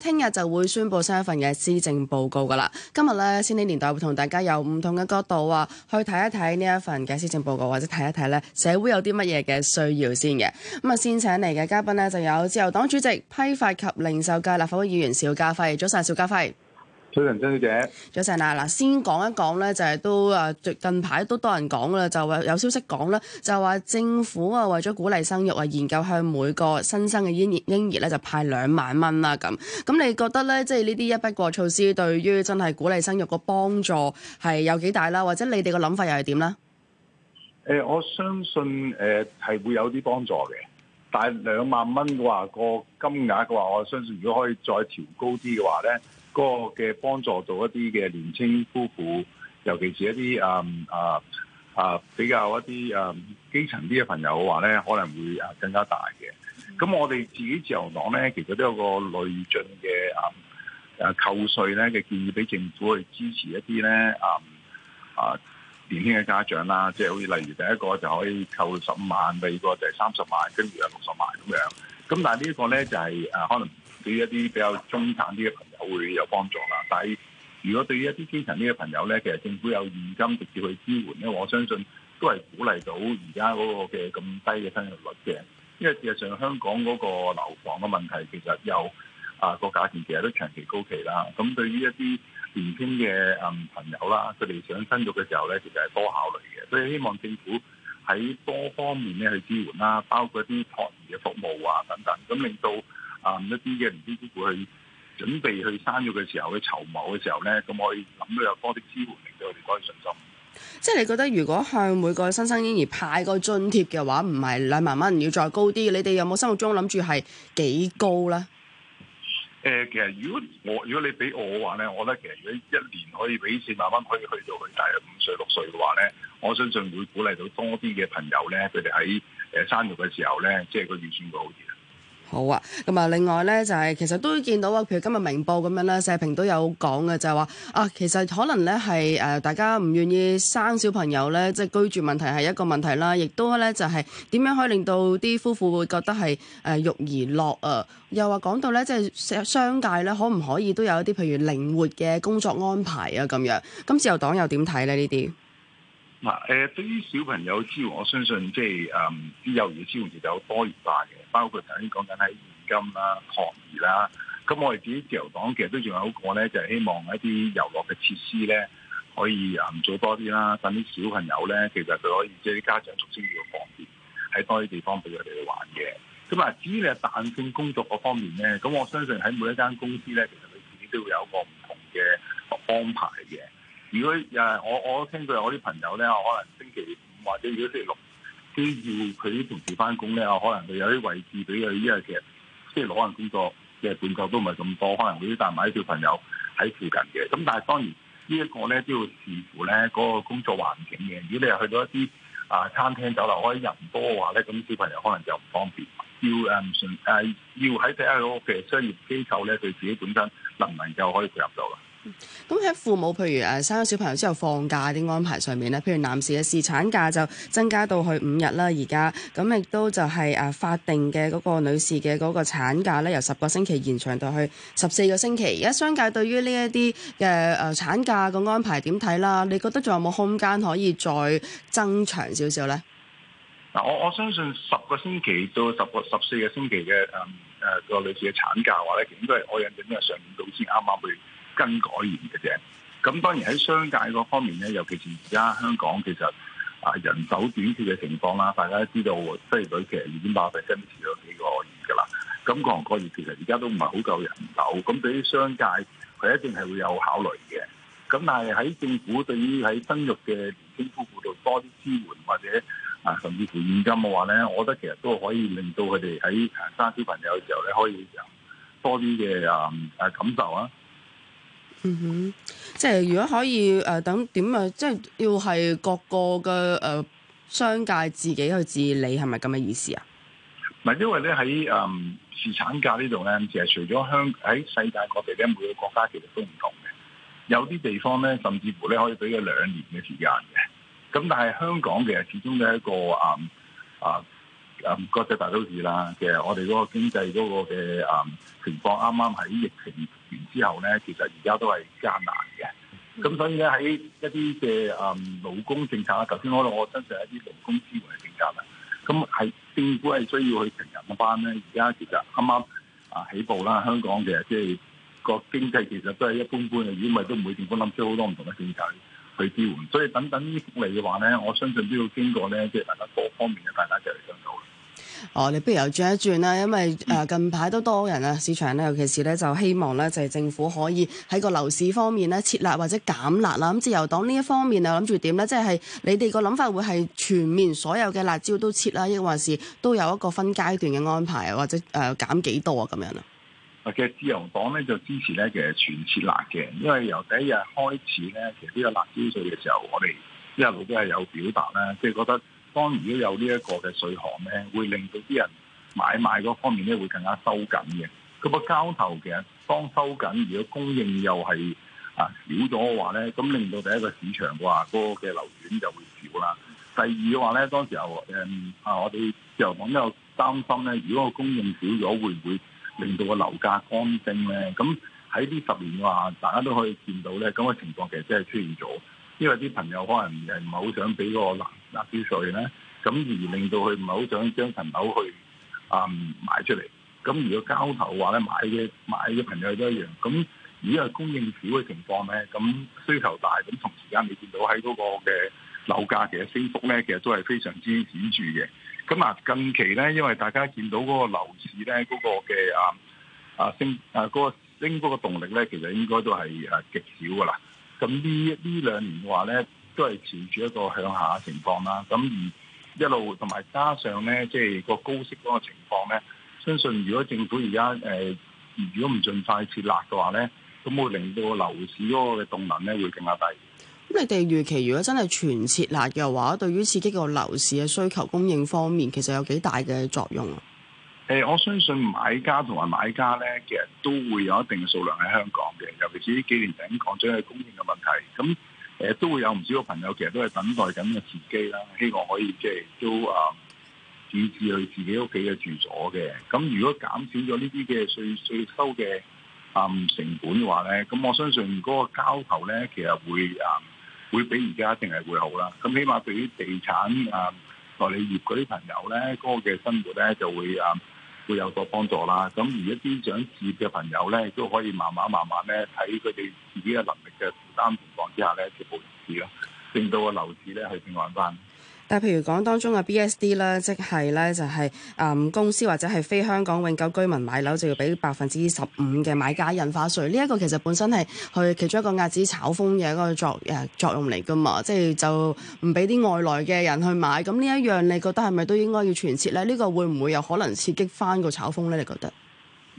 聽日就會宣布新一份嘅施政報告噶啦，今日咧先喺年代會同大家由唔同嘅角度啊，去睇一睇呢一份嘅施政報告，或者睇一睇咧社會有啲乜嘢嘅需要先嘅。咁啊，先請嚟嘅嘉賓咧就有自由黨主席、批發及零售界立法會議員邵家輝，早晨，邵家輝。崔文珍小姐，早晨啊。嗱先講一講咧，就係、是、都最近排都多人講啦，就話有消息講咧，就話政府啊為咗鼓勵生育啊，研究向每個新生嘅嬰兒嬰兒咧就派兩萬蚊啦咁。咁你覺得咧，即係呢啲一筆過措施對於真係鼓勵生育個幫助係有幾大啦？或者你哋個諗法又係點咧？誒、欸，我相信誒係、呃、會有啲幫助嘅，但係兩萬蚊嘅話個金額嘅話，我相信如果可以再調高啲嘅話咧。嗰個嘅幫助到一啲嘅年青夫婦，尤其是一啲、嗯、啊啊啊比較一啲啊基層啲嘅朋友嘅話咧，可能會啊更加大嘅。咁我哋自己自由黨咧，其實都有個累進嘅、嗯、啊啊扣稅咧嘅建議俾政府去支持一啲咧、嗯、啊啊年輕嘅家長啦，即係好似例如第一個就可以扣十五萬，第二個就係三十萬，跟住啊六十萬咁樣。咁但係呢一個咧就係、是、啊可能對於一啲比較中產啲嘅。會有幫助啦，但係如果對於一啲基層呢啲朋友咧，其實政府有現金直接去支援咧，我相信都係鼓勵到而家嗰個嘅咁低嘅生育率嘅。因為事實上香港嗰個樓房嘅問題其實又啊個價錢其實都長期高企啦。咁對於一啲年輕嘅嗯朋友啦，佢哋想生育嘅時候咧，其實係多考慮嘅。所以希望政府喺多方面咧去支援啦，包括一啲托兒嘅服務啊等等，咁令到啊一啲嘅年輕夫婦去。準備去生育嘅時候，去籌謀嘅時候咧，咁我可以諗到有多啲支援，令到我哋多啲信心。即係你覺得，如果向每個新生嬰兒派個津貼嘅話，唔係兩萬蚊，唔要再高啲，你哋有冇心目中諗住係幾高咧？誒、呃，其實如果我如果你俾我嘅話咧，我覺得其實如果一年可以俾四萬蚊，可以去，去到佢大約五歲六歲嘅話咧，我相信會鼓勵到多啲嘅朋友咧，佢哋喺誒生育嘅時候咧，即係個預算會好啲。好啊，咁啊，另外咧就係、是、其實都會見到啊，譬如今日明報咁樣啦，社評都有講嘅，就係話啊，其實可能咧係誒，大家唔願意生小朋友咧，即、就、係、是、居住問題係一個問題啦，亦都咧就係、是、點樣可以令到啲夫婦會覺得係誒育兒樂啊？又話講到咧，即、就、係、是、商界咧，可唔可以都有一啲譬如靈活嘅工作安排啊？咁樣咁自由黨又點睇咧？呢啲？嗱，誒、啊呃、對於小朋友支援，我相信即係誒啲幼兒支援亦有多元化嘅，包括頭先講緊喺現金啦、學業啦。咁、啊、我哋自己自由黨其實都仲有一個咧，就係、是、希望一啲遊樂嘅設施咧可以誒、嗯、做多啲啦，等啲小朋友咧其實佢可以即係啲家長熟悉呢個方面，喺多啲地方俾佢哋去玩嘅。咁、嗯、啊，至於你嘅彈性工作嗰方面咧，咁我相信喺每一間公司咧，其實佢自己都會有一個唔同嘅安排嘅。如果誒，我我聽到我啲朋友咧，我可能星期五或者如果星期六都要佢啲同事翻工咧，我可能佢有啲位置俾佢，因為其實星期六可能工作嘅半夠都唔係咁多，可能會帶埋啲小朋友喺附近嘅。咁但係當然呢一個咧都要視乎咧嗰個工作環境嘅。如果你係去到一啲啊餐廳、酒樓或者人多嘅話咧，咁小朋友可能就唔方便。要誒唔、呃、要喺第一個嘅商業機構咧，佢自己本身能唔能夠可以配合到啦？咁喺、嗯、父母，譬如誒生咗小朋友之後放假啲安排上面咧，譬如男士嘅侍產假就增加到去五日啦，而家咁亦都就係誒法定嘅嗰個女士嘅嗰個產假呢，由十個星期延長到去十四個星期。而家商界對於呢一啲嘅誒產假個安排點睇啦？你覺得仲有冇空間可以再增長少少呢？嗱、啊，我我相信十個星期到十個十四個星期嘅誒誒個女士嘅產假話呢，應該係我印象中係上年度先啱啱去。更改完嘅啫，咁當然喺商界嗰方面咧，尤其是而家香港其實啊人手短缺嘅情況啦，大家都知道，飛佢其實已經把佢跟住有幾個月噶啦。咁各行各業其實而家都唔係好夠人手，咁對於商界佢一定係會有考慮嘅。咁但係喺政府對於喺生育嘅年輕夫婦度多啲支援或者啊甚至乎現金嘅話咧，我覺得其實都可以令到佢哋喺生小朋友嘅時候咧可以有多啲嘅、嗯、啊感受啊。嗯哼，即係如果可以誒、呃，等點啊？即係要係各個嘅誒、呃、商界自己去治理，係咪咁嘅意思啊？唔係，因為咧喺誒市產價呢度咧，其實、嗯、除咗香喺世界各地咧，每個國家其實都唔同嘅。有啲地方咧，甚至乎咧可以俾佢兩年嘅時間嘅。咁但係香港其實始終都係一個誒誒。嗯啊唔該晒，大都市啦，其實我哋嗰個經濟嗰個嘅啊情況，啱啱喺疫情完之後咧，其實而家都係艱難嘅。咁所以咧喺一啲嘅啊勞工政策啊，頭先可能我相信係一啲勞工支援嘅政策啦，咁係政府係需要去承擔返咧。而家其實啱啱啊起步啦，香港嘅即係個經濟其實都係一般般嘅，如果唔係，都唔會政府諗出好多唔同嘅政策去支援。所以等等呢啲福利嘅話咧，我相信都要經過咧，即係大家各方面嘅大家就嚟上手。哦，你不如又轉一轉啦，因為誒、呃、近排都多人啊，市場咧，尤其是咧就希望咧就係、是、政府可以喺個樓市方面咧撤辣或者減辣啦。咁、嗯、自由黨呢一方面啊，我諗住點咧？即係你哋個諗法會係全面所有嘅辣招都撤啦，抑或係都有一個分階段嘅安排啊，或者誒減幾多啊咁樣啊？啊其實自由黨咧就支持咧其實全撤辣嘅，因為由第一日開始咧，其實呢個辣招稅嘅時候，我哋一路都係有表達啦，即係覺得。當然如果有呢一個嘅稅項咧，會令到啲人買賣嗰方面咧會更加收緊嘅。佢個交投其實當收緊，如果供應又係啊少咗嘅話咧，咁令到第一個市場嘅話嗰嘅、那個、樓盤就會少啦。第二嘅話咧，當時候誒、嗯、啊，我哋自由黨有擔心咧，如果個供應少咗，會唔會令到個樓價乾升咧？咁喺呢十年嘅話，大家都可以見到咧，咁嘅情況其實真係出現咗。因為啲朋友可能係唔係好想俾嗰個納納啲稅咧，咁而令到佢唔係好想將層樓去啊賣、嗯、出嚟。咁如果交投話咧買嘅買嘅朋友都一樣。咁如果係供應少嘅情況咧，咁需求大，咁同時間你見到喺嗰個嘅樓價其實升幅咧，其實都係非常之顯著嘅。咁啊，近期咧，因為大家見到嗰個樓市咧嗰、嗰個嘅啊啊升啊嗰、嗰個升嗰個動力咧，其實應該都係啊極少噶啦。咁呢呢兩年嘅話咧，都係持續一個向下嘅情況啦。咁而一路同埋加上咧，即係個高息嗰個情況咧，相信如果政府而家誒，如果唔盡快撤辣嘅話咧，咁會令到樓市嗰個嘅動能咧會更加低。咁你哋預期如果真係全撤辣嘅話，對於刺激個樓市嘅需求供應方面，其實有幾大嘅作用？誒、欸，我相信買家同埋賣家咧，其實都會有一定嘅數量喺香港嘅，尤其是呢幾年緊港咗嘅供應嘅問題，咁誒、呃、都會有唔少嘅朋友，其實都係等待緊嘅時機啦，希望可以即係都啊轉置去自己屋企嘅住所嘅。咁如果減少咗呢啲嘅稅稅收嘅啊、嗯、成本嘅話咧，咁我相信嗰個交投咧，其實會啊會比而家一定係會好啦。咁起碼對於地產啊代理業嗰啲朋友咧，嗰、那個嘅生活咧就會啊～會有個幫助啦。咁而一啲想置業嘅朋友咧，都可以慢慢慢慢咧，喺佢哋自己嘅能力嘅負擔情況之下咧，全部入市啦，令到個樓市咧去轉穩翻。但譬如講當中嘅 BSD 啦，即係咧就係誒公司或者係非香港永久居民買樓就要俾百分之十五嘅買家印花稅。呢、這、一個其實本身係佢其中一個壓止炒風嘅一個作誒作用嚟㗎嘛。即係就唔俾啲外來嘅人去買。咁呢一樣你覺得係咪都應該要全撤咧？呢、這個會唔會有可能刺激翻個炒風咧？你覺得？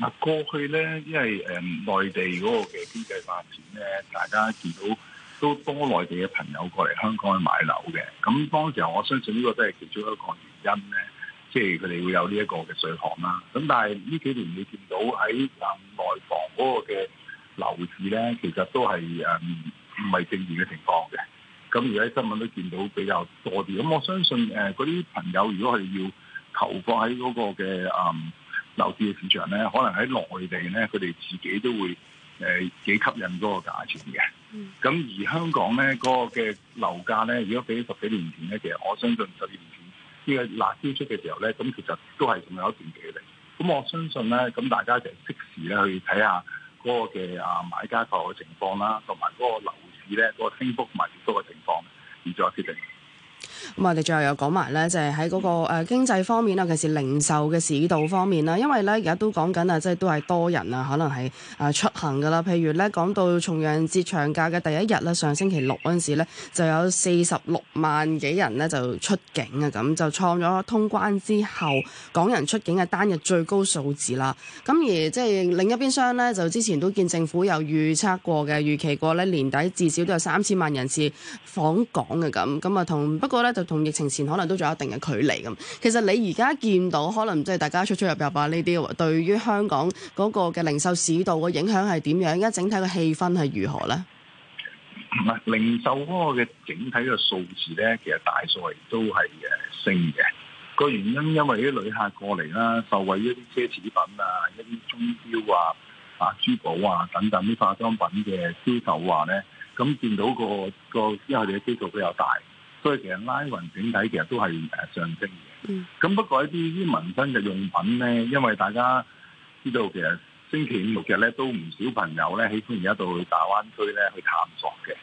嗱，過去咧，因為誒內、呃、地嗰個嘅經濟發展咧、呃，大家見到。都多內地嘅朋友過嚟香港去買樓嘅，咁當時候我相信呢個都係其中一個原因咧，即係佢哋會有呢一個嘅稅項啦。咁但係呢幾年你見到喺內房嗰個嘅樓市咧，其實都係誒唔係正面嘅情況嘅。咁而家新聞都見到比較多啲。咁我相信誒嗰啲朋友如果係要投放喺嗰個嘅誒、嗯、樓市嘅市場咧，可能喺內地咧佢哋自己都會誒幾、呃、吸引嗰個價錢嘅。咁、嗯、而香港咧嗰，那個嘅樓價咧，如果比十幾年前咧，其實我相信十幾年前呢個辣招出嘅時候咧，咁其實都係仲有一段距離。咁我相信咧，咁大家就即時咧去睇下嗰個嘅啊買家購嘅情況啦，同埋嗰個樓市咧嗰，那個升幅同埋跌幅嘅情況，而再決定。咁我哋最後又講埋呢，就係喺嗰個誒、呃、經濟方面啦，尤其係零售嘅市道方面啦。因為呢，而家都講緊啊，即係都係多人啊，可能係誒、呃、出行㗎啦。譬如呢，講到重陽節長假嘅第一日呢，上星期六嗰陣時呢，就有四十六萬幾人呢就出境啊，咁就創咗通關之後港人出境嘅單日最高數字啦。咁而即係另一邊廂呢，就之前都見政府有預測過嘅，預期過呢，年底至少都有三千萬人次訪港嘅咁。咁啊同不過呢，同疫情前可能都仲有一定嘅距離。咁，其實你而家見到可能即係大家出出入入啊，呢啲對於香港嗰個嘅零售市道嘅影響係點樣？而家整體嘅氣氛係如何咧？唔係零售嗰個嘅整體嘅數字咧，其實大數嚟都係誒升嘅。個原因因為啲旅客過嚟啦，受惠於啲奢侈品啊、一啲鐘錶啊、珠啊珠寶啊等等啲化妝品嘅銷售話、啊、咧，咁見到、嗰個個因為佢嘅基數比較大，所以其實拉運整體其實都係誒上升嘅，咁不過一啲啲民生嘅用品咧，因為大家知道其實星期五六日咧都唔少朋友咧喜歡而家到去大灣區咧去探索嘅，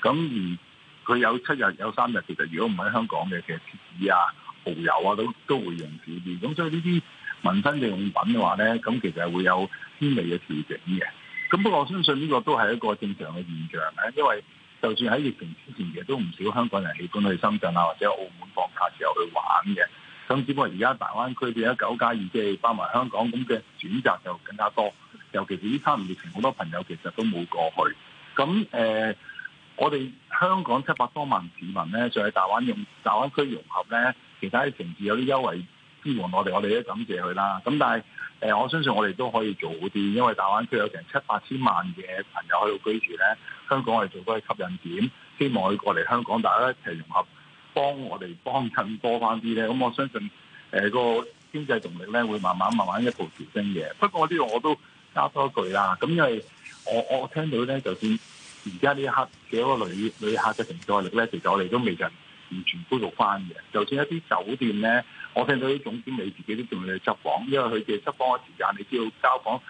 咁而佢有七日有三日，其實如果唔喺香港嘅，其實廁紙啊、蠔油啊都都會用少啲，咁所以呢啲民生嘅用品嘅話咧，咁其實會有啲輕微嘅調整嘅，咁不過我相信呢個都係一個正常嘅現象咧，因為，就算喺疫情之前亦都唔少香港人喜歡去深圳啊或者澳門放假時候去玩嘅，咁只不過而家大灣區變咗九加二，即係包埋香港咁嘅選擇就更加多，尤其是呢三年疫情，好多朋友其實都冇過去，咁誒、呃，我哋香港七百多萬市民咧，就喺大灣用大灣區融合咧，其他啲城市有啲優惠。支援我哋，我哋都感謝佢啦。咁但係，誒、呃，我相信我哋都可以做好啲，因為大灣區有成七八千萬嘅朋友喺度居住咧。香港我哋做嗰啲吸引點，希望佢過嚟香港，大家一齊融合，幫我哋幫襯多翻啲咧。咁、嗯、我相信，誒、呃，個經濟動力咧會慢慢，慢慢慢慢一步提升嘅。不過呢度我都加多一句啦。咁因為我我聽到咧，就算而家呢一刻嘅嗰個旅旅客嘅承載力咧，其實我哋都未夠完全恢復翻嘅。就算一啲酒店咧。我聽到啲總經理自己都仲要去執房，因為佢哋執房嘅時間，你知道交房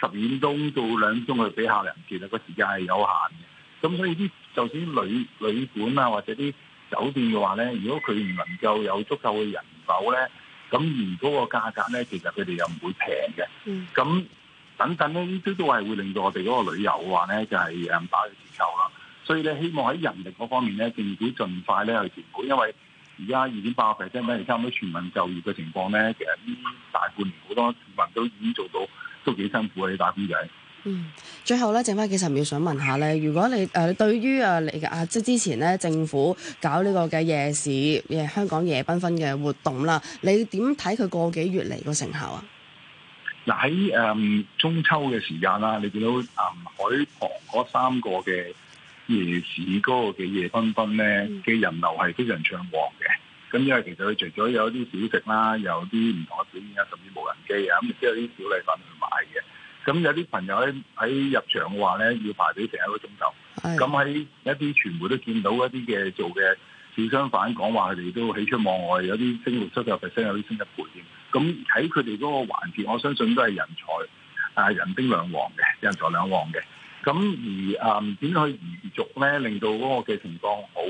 十二點鐘到兩點鐘去俾客人住啦，個時間係有限嘅。咁所以啲，就算旅旅館啊或者啲酒店嘅話咧，如果佢唔能夠有足夠嘅人手咧，咁而嗰個價格咧，其實佢哋又唔會平嘅。咁等等咧，呢啲都係會令到我哋嗰個旅遊嘅話咧，就係誒打個折扣啦。所以咧，希望喺人力嗰方面咧，政府儘快咧去填補，因為。而家二點八個 percent，咪係差唔多全民就業嘅情況咧。其實呢大半年好多市民都已經做到都幾辛苦，你打啲仔。嗯，最後咧剩翻幾十秒，想問下咧，如果你誒、呃、對於誒你啊，即係之前咧政府搞呢個嘅夜市、嘅香港夜繽紛嘅活動啦，你點睇佢個幾月嚟個成效啊？嗱喺誒中秋嘅時間啦，你見到南海旁嗰三個嘅夜市嗰個嘅夜繽紛咧嘅人流係非常暢旺。咁因為其實佢除咗有啲小食啦，有啲唔同嘅表演啊，甚至無人機啊，咁亦都有啲小禮品去買嘅。咁有啲朋友咧喺入場嘅話咧，要排隊成的一個鐘頭。咁喺一啲傳媒都見到一啲嘅做嘅小商販講話，佢哋都喜出望外，有啲升幅七十 percent 有啲升一倍添。咁喺佢哋嗰個環節，我相信都係人才啊人丁兩旺嘅，人才兩旺嘅。咁而啊點去延續咧，令到嗰個嘅情況好？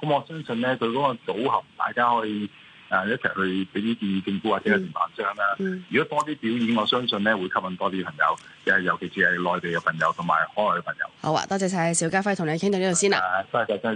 咁我相信咧，佢嗰個組合大家可以誒一齊去俾啲建議政府或者承辦商啦。嗯，嗯如果多啲表演，我相信咧會吸引多啲朋友，誒尤其是係內地嘅朋友同埋海外嘅朋友。好啊，多謝晒邵家輝，同你傾到呢度先啦。啊，多謝晒。